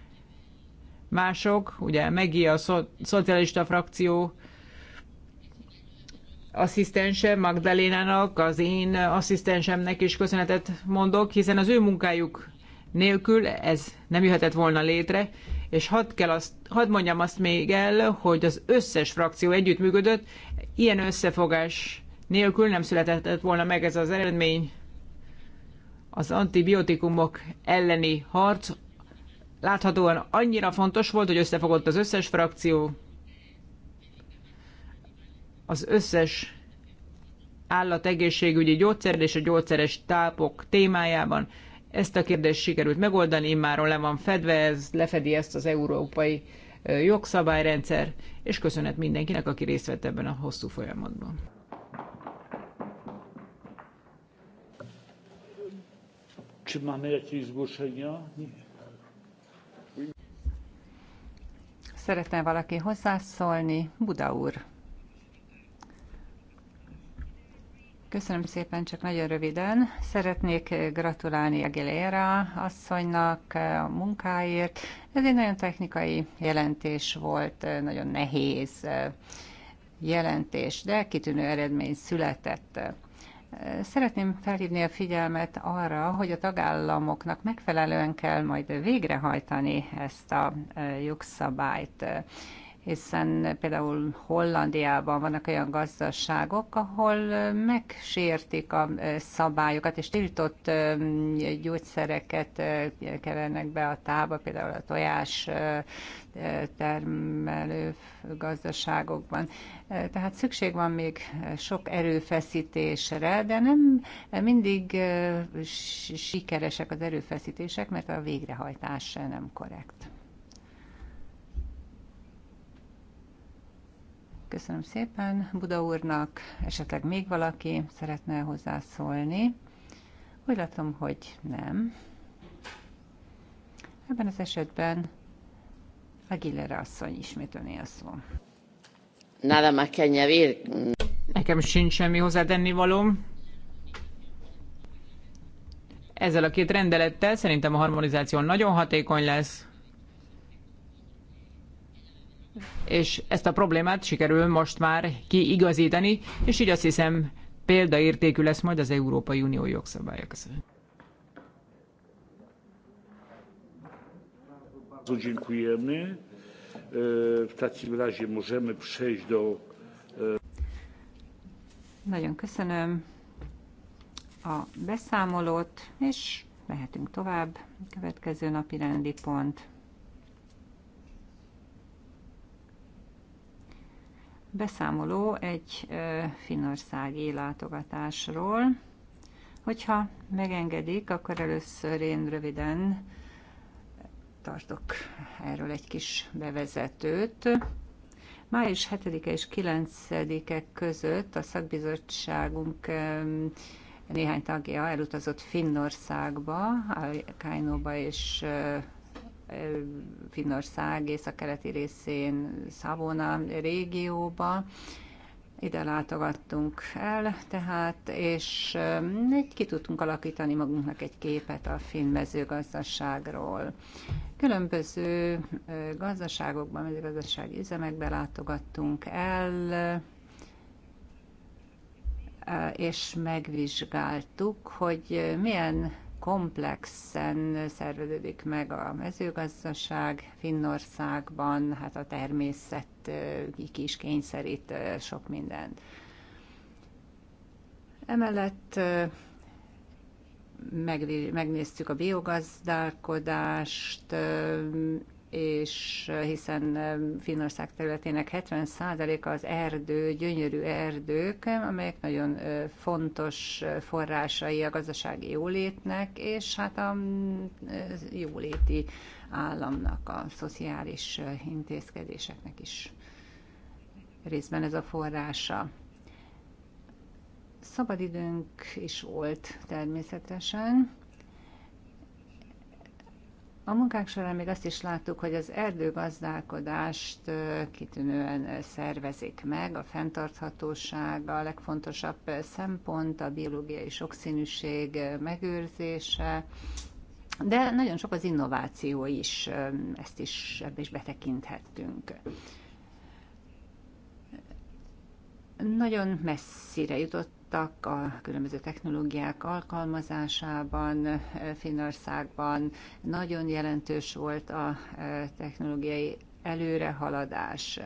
mások, ugye Megi a szo- szocialista frakció asszisztense Magdalénának, az én asszisztensemnek is köszönetet mondok, hiszen az ő munkájuk nélkül ez nem jöhetett volna létre, és hadd, kell azt, hadd mondjam azt még el, hogy az összes frakció együttműködött, ilyen összefogás nélkül nem született volna meg ez az eredmény. Az antibiotikumok elleni harc láthatóan annyira fontos volt, hogy összefogott az összes frakció, az összes állategészségügyi gyógyszer és a gyógyszeres tápok témájában. Ezt a kérdést sikerült megoldani, immáron le van fedve, ez lefedi ezt az európai jogszabályrendszer, és köszönet mindenkinek, aki részt vett ebben a hosszú folyamatban.
Szeretne valaki hozzászólni? Buda úr. Köszönöm szépen, csak nagyon röviden. Szeretnék gratulálni Aguilera asszonynak a munkáért. Ez egy nagyon technikai jelentés volt, nagyon nehéz jelentés, de kitűnő eredmény született. Szeretném felhívni a figyelmet arra, hogy a tagállamoknak megfelelően kell majd végrehajtani ezt a jogszabályt hiszen például Hollandiában vannak olyan gazdaságok, ahol megsértik a szabályokat, és tiltott gyógyszereket kevernek be a tába, például a tojás termelő gazdaságokban. Tehát szükség van még sok erőfeszítésre, de nem mindig sikeresek az erőfeszítések, mert a végrehajtás nem korrekt. Köszönöm szépen Buda úrnak. Esetleg még valaki szeretne hozzászólni? Úgy látom, hogy nem. Ebben az esetben Aguilera asszony ismét öné a szó.
Nada más que añadir.
Nekem sincs semmi
hozzátenni valóm. Ezzel a két rendelettel szerintem a harmonizáció nagyon hatékony lesz és ezt a problémát sikerül most már kiigazítani, és így azt hiszem példaértékű lesz majd az Európai Unió jogszabályok
Bardzo dziękujemy. E, w takim razie możemy przejść do... E,
Nagyon köszönöm a beszámolót, és mehetünk tovább. Következő napi rendi pont. beszámoló egy finországi látogatásról. Hogyha megengedik, akkor először én röviden tartok erről egy kis bevezetőt. Május 7-e és 9-e között a szakbizottságunk néhány tagja elutazott Finnországba, Kainóba és Finnország északkeleti részén, Szavona régióba. Ide látogattunk el, tehát, és um, egy ki tudtunk alakítani magunknak egy képet a finn mezőgazdaságról. Különböző uh, gazdaságokban, mezőgazdasági üzemekben látogattunk el, uh, és megvizsgáltuk, hogy milyen komplexen szerveződik meg a mezőgazdaság Finnországban, hát a természet ki is kényszerít sok mindent. Emellett megnéztük a biogazdálkodást, és hiszen um, Finnország területének 70%-a az erdő, gyönyörű erdők, amelyek nagyon fontos forrásai a gazdasági jólétnek, és hát a jóléti államnak, a szociális intézkedéseknek is részben ez a forrása. Szabadidőnk is volt természetesen, a munkák során még azt is láttuk, hogy az erdőgazdálkodást kitűnően szervezik meg, a fenntarthatóság a legfontosabb szempont, a biológiai sokszínűség megőrzése, de nagyon sok az innováció is, ezt is, ebbe is betekinthettünk. Nagyon messzire jutott haladtak a különböző technológiák alkalmazásában Finnországban. Nagyon jelentős volt a technológiai előrehaladás.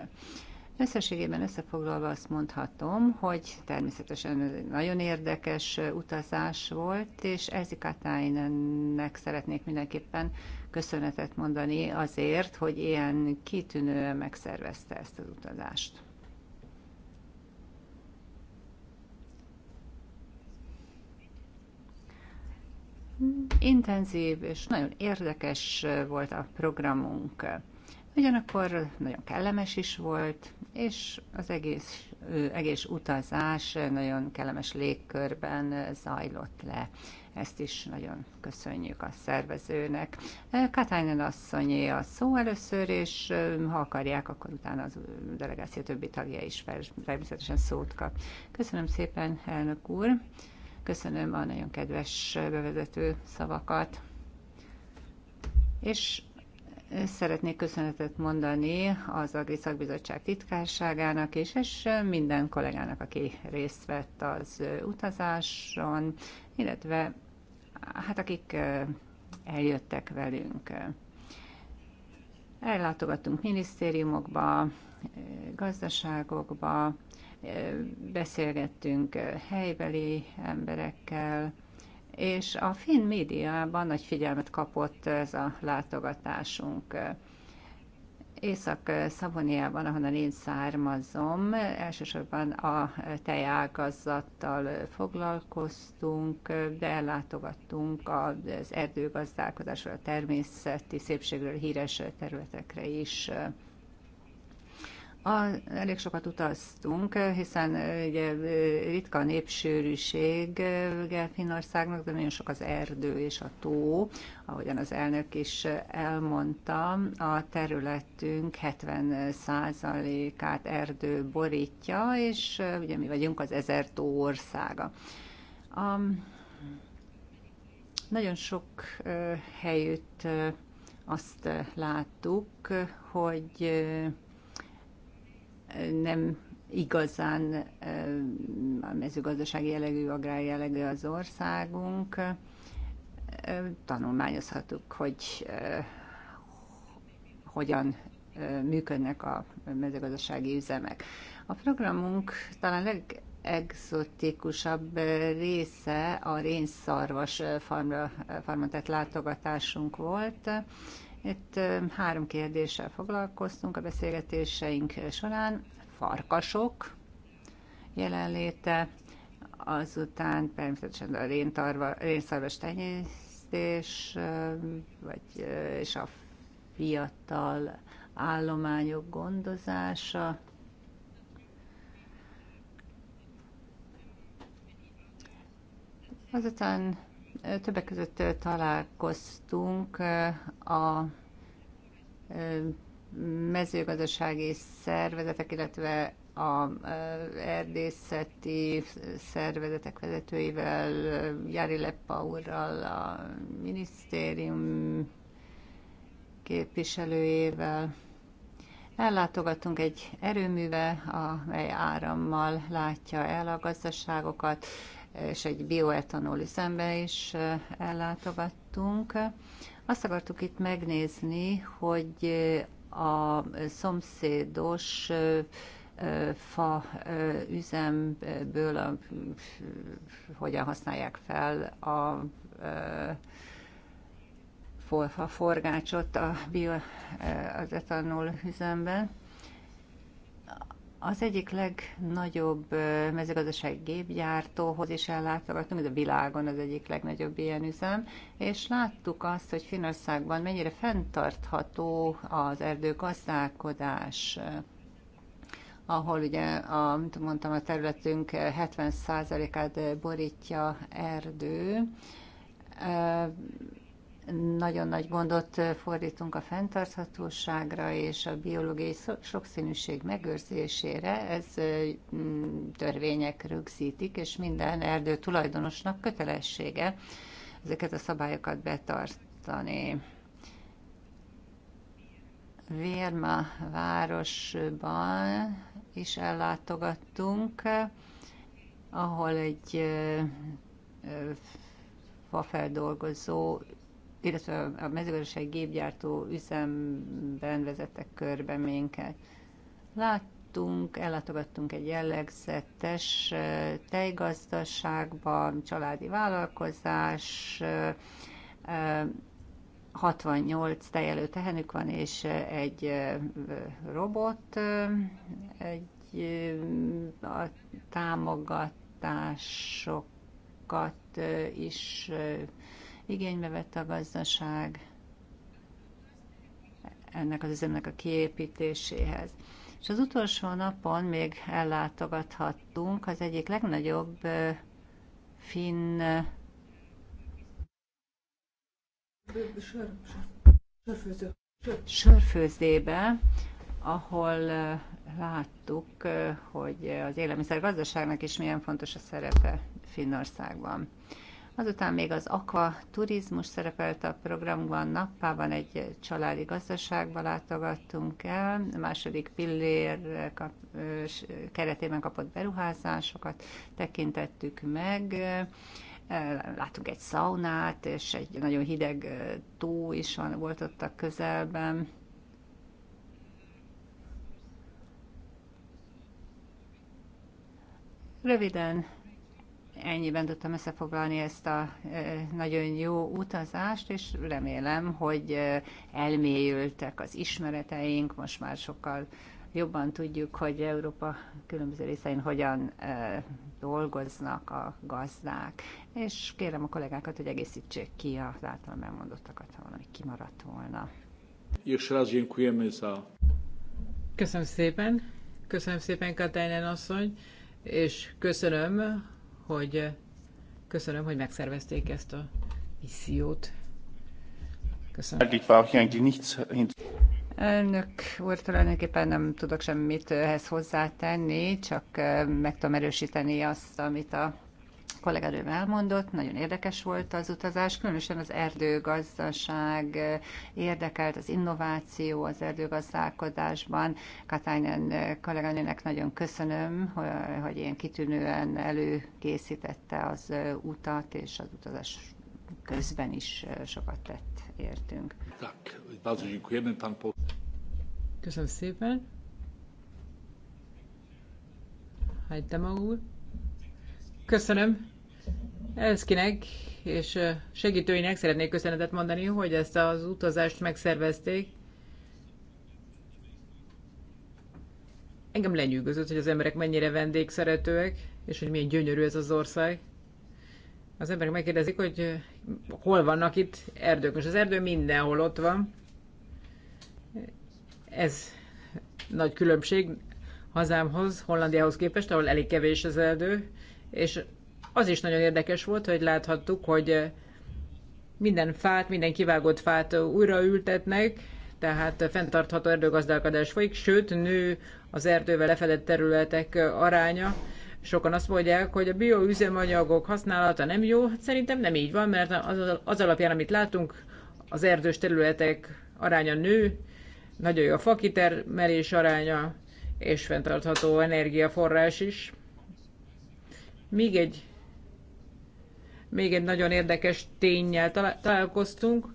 Összességében összefoglalva azt mondhatom, hogy természetesen ez egy nagyon érdekes utazás volt, és Elzi Katainennek szeretnék mindenképpen köszönetet mondani azért, hogy ilyen kitűnően megszervezte ezt az utazást. intenzív és nagyon érdekes volt a programunk. Ugyanakkor nagyon kellemes is volt, és az egész, egész utazás nagyon kellemes légkörben zajlott le. Ezt is nagyon köszönjük a szervezőnek. Katányan asszonyé a szó először, és ha akarják, akkor utána az delegáció többi tagja is természetesen szót kap. Köszönöm szépen, elnök úr! Köszönöm a nagyon kedves bevezető szavakat. És szeretnék köszönetet mondani az Agri Szakbizottság titkárságának és, és minden kollégának, aki részt vett az utazáson, illetve hát akik eljöttek velünk. Ellátogattunk minisztériumokba, gazdaságokba, beszélgettünk helybeli emberekkel, és a finn médiában nagy figyelmet kapott ez a látogatásunk. Észak-Szavoniában, ahonnan én származom, elsősorban a tejágazattal foglalkoztunk, de ellátogattunk az erdőgazdálkodásról, a természeti szépségről híres területekre is. A, elég sokat utaztunk, hiszen ugye ritka a népsűrűsége Finnországnak, de nagyon sok az erdő és a tó, ahogyan az elnök is elmondta, a területünk 70%-át erdő borítja, és ugye mi vagyunk az ezer tó országa. A, nagyon sok helyütt azt láttuk, hogy nem igazán a mezőgazdasági jellegű, agrár jellegű az országunk. Tanulmányozhatuk, hogy hogyan működnek a mezőgazdasági üzemek. A programunk talán legexotikusabb része a rénszarvas farmra, farmra tett látogatásunk volt. Itt három kérdéssel foglalkoztunk a beszélgetéseink során. Farkasok jelenléte, azután természetesen a rénszarvas tenyésztés, vagy, és a fiatal állományok gondozása. Azután Többek között találkoztunk a mezőgazdasági szervezetek, illetve a erdészeti szervezetek vezetőivel, Jari Leppa úrral, a minisztérium képviselőjével. Ellátogattunk egy erőműve, amely árammal látja el a gazdaságokat, és egy bioetanol üzembe is ellátogattunk. Azt akartuk itt megnézni, hogy a szomszédos fa üzemből hogyan használják fel a forgácsot a bio, az etanol üzemben. Az egyik legnagyobb mezőgazdasági gépgyártóhoz is ellátogattunk, ez a világon az egyik legnagyobb ilyen üzem, és láttuk azt, hogy Finországban mennyire fenntartható az erdőgazdálkodás ahol ugye, a, mint mondtam, a területünk 70%-át borítja erdő, nagyon nagy gondot fordítunk a fenntarthatóságra és a biológiai sokszínűség megőrzésére, ez mm, törvények rögzítik, és minden erdő tulajdonosnak kötelessége ezeket a szabályokat betartani. Vérma városban is ellátogattunk, ahol egy fafeldolgozó illetve a mezőgazdasági gépgyártó üzemben vezettek körbe minket. Láttunk, ellátogattunk egy jellegzetes tejgazdaságba, családi vállalkozás, 68 tejelő tehenük van, és egy robot, egy a támogatásokat is igénybe vette a gazdaság ennek az üzemnek a kiépítéséhez. És az utolsó napon még ellátogathattunk az egyik legnagyobb finn sörfőzébe, ahol láttuk, hogy az élelmiszergazdaságnak is milyen fontos a szerepe Finnországban. Azután még az aqua turizmus szerepelt a programban, nappában egy családi gazdaságba látogattunk el, a második pillér kap, keretében kapott beruházásokat tekintettük meg, látunk egy szaunát, és egy nagyon hideg tó is van, volt ott a közelben. Röviden Ennyiben tudtam összefoglalni ezt a nagyon jó utazást, és remélem, hogy elmélyültek az ismereteink, most már sokkal jobban tudjuk, hogy Európa különböző részein hogyan dolgoznak a gazdák, és kérem a kollégákat, hogy egészítsék ki az általam elmondottakat, ha valami kimaradt volna. Köszönöm szépen,
köszönöm szépen Katájnán asszony, és köszönöm hogy
köszönöm, hogy megszervezték ezt a missziót. Köszönöm. Elnök úr, tulajdonképpen nem tudok semmit ehhez hozzátenni, csak eh, meg tudom erősíteni azt, amit a kolléganőm elmondott, nagyon érdekes volt az utazás, különösen az erdőgazdaság eh, érdekelt, az innováció az erdőgazdálkodásban. Katányen eh, kolléganőnek nagyon köszönöm, hogy ilyen kitűnően előkészítette az eh, utat, és az utazás közben is sokat tett értünk. Köszönöm szépen.
Hagytam úr. Köszönöm Elszkinek és segítőinek szeretnék köszönetet mondani, hogy ezt az utazást megszervezték. Engem lenyűgözött, hogy az emberek mennyire vendégszeretőek, és hogy milyen gyönyörű ez az ország. Az emberek megkérdezik, hogy hol vannak itt erdők. Most az erdő mindenhol ott van. Ez nagy különbség hazámhoz, Hollandiához képest, ahol elég kevés az erdő és az is nagyon érdekes volt, hogy láthattuk, hogy eh, minden fát, minden kivágott fát eh, újraültetnek, tehát eh, fenntartható erdőgazdálkodás folyik, sőt, nő az erdővel lefedett területek aránya. Sokan azt mondják, hogy a bioüzemanyagok használata nem jó, hát szerintem nem így van, mert az, az alapján, amit látunk, az erdős területek aránya nő, nagyon jó a fakitermelés aránya, és fenntartható energiaforrás is. Még egy, még egy nagyon érdekes tényel találkoztunk,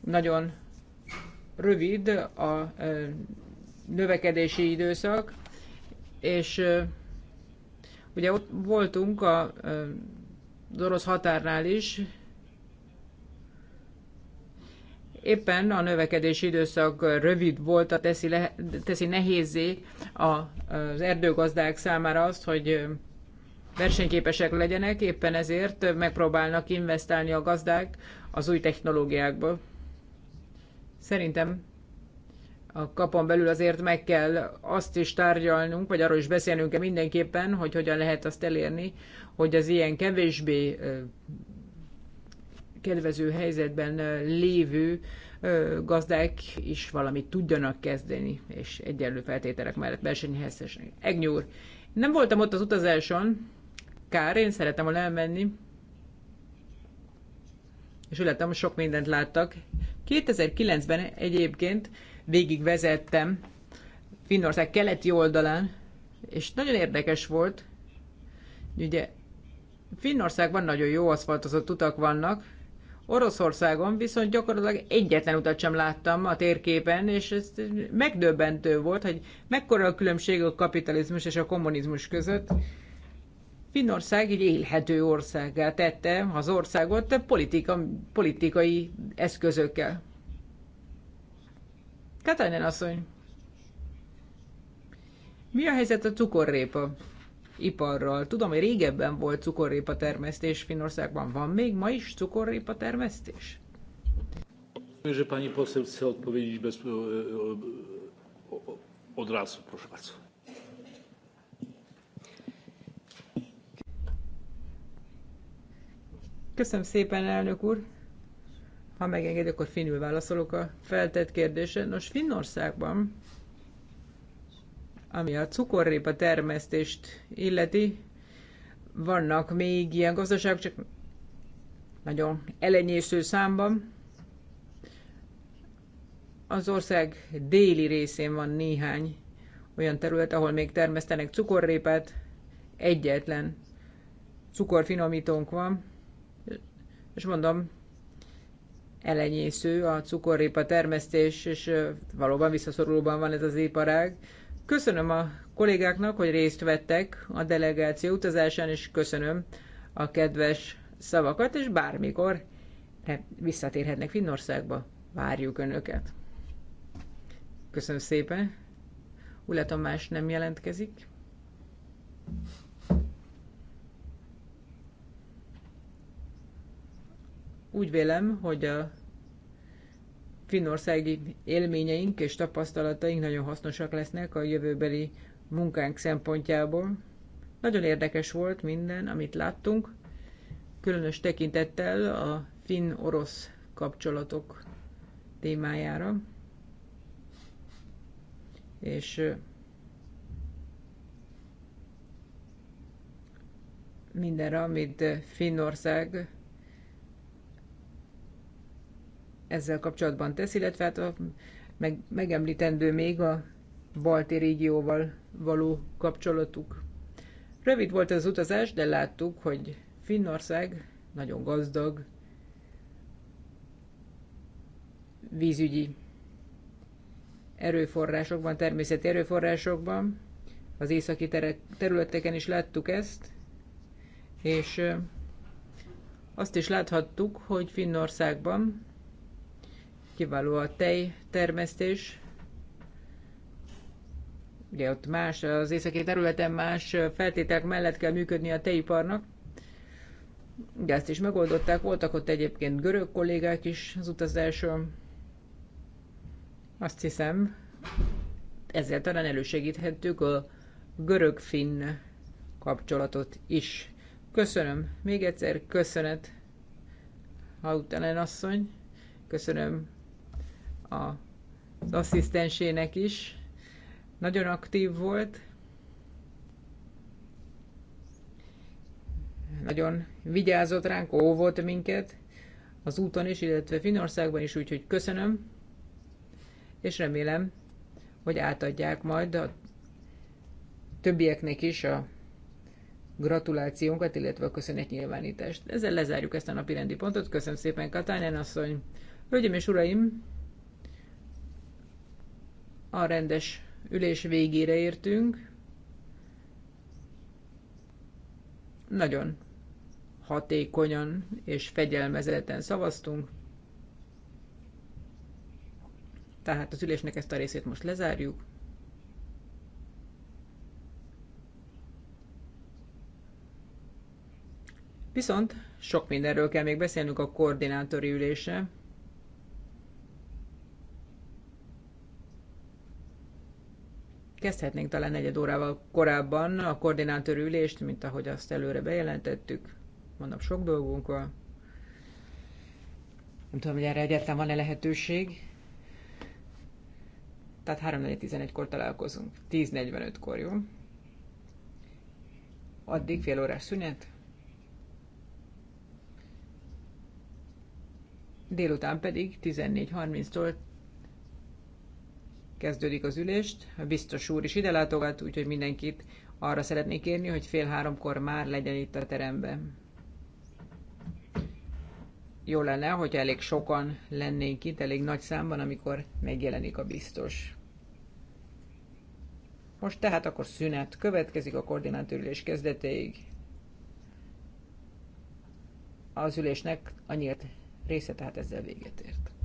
nagyon rövid a növekedési időszak, és ugye ott voltunk a, az orosz határnál is, éppen a növekedési időszak rövid volt, teszi, teszi nehézé az erdőgazdák számára azt, hogy versenyképesek legyenek, éppen ezért megpróbálnak investálni a gazdák az új technológiákba. Szerintem a kapon belül azért meg kell azt is tárgyalnunk, vagy arról is beszélnünk -e mindenképpen, hogy hogyan lehet azt elérni, hogy az ilyen kevésbé kedvező helyzetben lévő gazdák is valamit tudjanak kezdeni, és egyenlő feltételek mellett versenyhez Egnyúr. Nem voltam ott az utazáson, kár, én szeretem volna elmenni. És ületem, sok mindent láttak. 2009-ben egyébként végig vezettem Finnország keleti oldalán, és nagyon érdekes volt, ugye Finnországban nagyon jó aszfaltozott utak vannak, Oroszországon viszont gyakorlatilag egyetlen utat sem láttam a térképen, és ez megdöbbentő volt, hogy mekkora a különbség a kapitalizmus és a kommunizmus között. Finnország egy élhető országá tette az országot politika, politikai eszközökkel. Katajnen asszony, mi a helyzet a cukorrépa iparral? Tudom, hogy régebben volt cukorrépa termesztés Finnországban. Van még ma is cukorrépa termesztés?
Jeżeli pani poseł chce odpowiedzieć bez, e, e, od
Köszönöm szépen, elnök úr. Ha megengedi, akkor finnül válaszolok a feltett kérdésre. Nos, Finnországban, ami a cukorrépa termesztést illeti, vannak még ilyen gazdaságok, csak nagyon elenyésző számban. Az ország déli részén van néhány olyan terület, ahol még termesztenek cukorrépát, egyetlen cukorfinomítónk van, és mondom, elenyésző a cukorrépa termesztés, és valóban visszaszorulóban van ez az iparág. Köszönöm a kollégáknak, hogy részt vettek a delegáció utazásán, és köszönöm a kedves szavakat, és bármikor visszatérhetnek Finnországba. Várjuk Önöket. Köszönöm szépen. Ulla Tamás nem jelentkezik. Úgy vélem, hogy a finnországi élményeink és tapasztalataink nagyon hasznosak lesznek a jövőbeli munkánk szempontjából. Nagyon érdekes volt minden, amit láttunk, különös tekintettel a finn-orosz kapcsolatok témájára. És mindenre, amit Finnország ezzel kapcsolatban tesz, illetve hát a, meg, megemlítendő még a balti régióval való kapcsolatuk. Rövid volt az utazás, de láttuk, hogy Finnország nagyon gazdag vízügyi erőforrásokban, természeti erőforrásokban. Az északi területeken is láttuk ezt, és azt is láthattuk, hogy Finnországban kiváló a tej termesztés. Ugye ott más, az északi területen más feltételek mellett kell működni a tejiparnak. Ugye ezt is megoldották, voltak ott egyébként görög kollégák is az utazáson. Azt hiszem, ezzel talán elősegíthettük a görög-finn kapcsolatot is. Köszönöm, még egyszer köszönet utána asszony, köszönöm a az asszisztensének is. Nagyon aktív volt, nagyon vigyázott ránk, óvott minket az úton is, illetve Finnországban is, úgyhogy köszönöm, és remélem, hogy átadják majd a többieknek is a gratulációnkat, illetve a köszönetnyilvánítást. Ezzel lezárjuk ezt a napi rendi pontot. Köszönöm szépen, Katányán asszony. Hölgyeim és uraim, a rendes ülés végére értünk. Nagyon hatékonyan és fegyelmezetten szavaztunk. Tehát az ülésnek ezt a részét most lezárjuk. Viszont sok mindenről kell még beszélnünk a koordinátori ülése. Kezdhetnénk talán negyed órával korábban a koordinátor ülést, mint ahogy azt előre bejelentettük. Mondom, sok dolgunk van. Nem tudom, hogy erre egyáltalán van-e lehetőség. Tehát 3.4.11-kor találkozunk. 10.45-kor, jó? Addig fél órás szünet. Délután pedig 14.30-tól kezdődik az ülést. A biztos úr is ide látogat, úgyhogy mindenkit arra szeretnék kérni, hogy fél háromkor már legyen itt a teremben. Jó lenne, hogy elég sokan lennénk itt, elég nagy számban, amikor megjelenik a biztos. Most tehát akkor szünet következik a koordinátorülés kezdetéig. Az ülésnek annyit része tehát ezzel véget ért.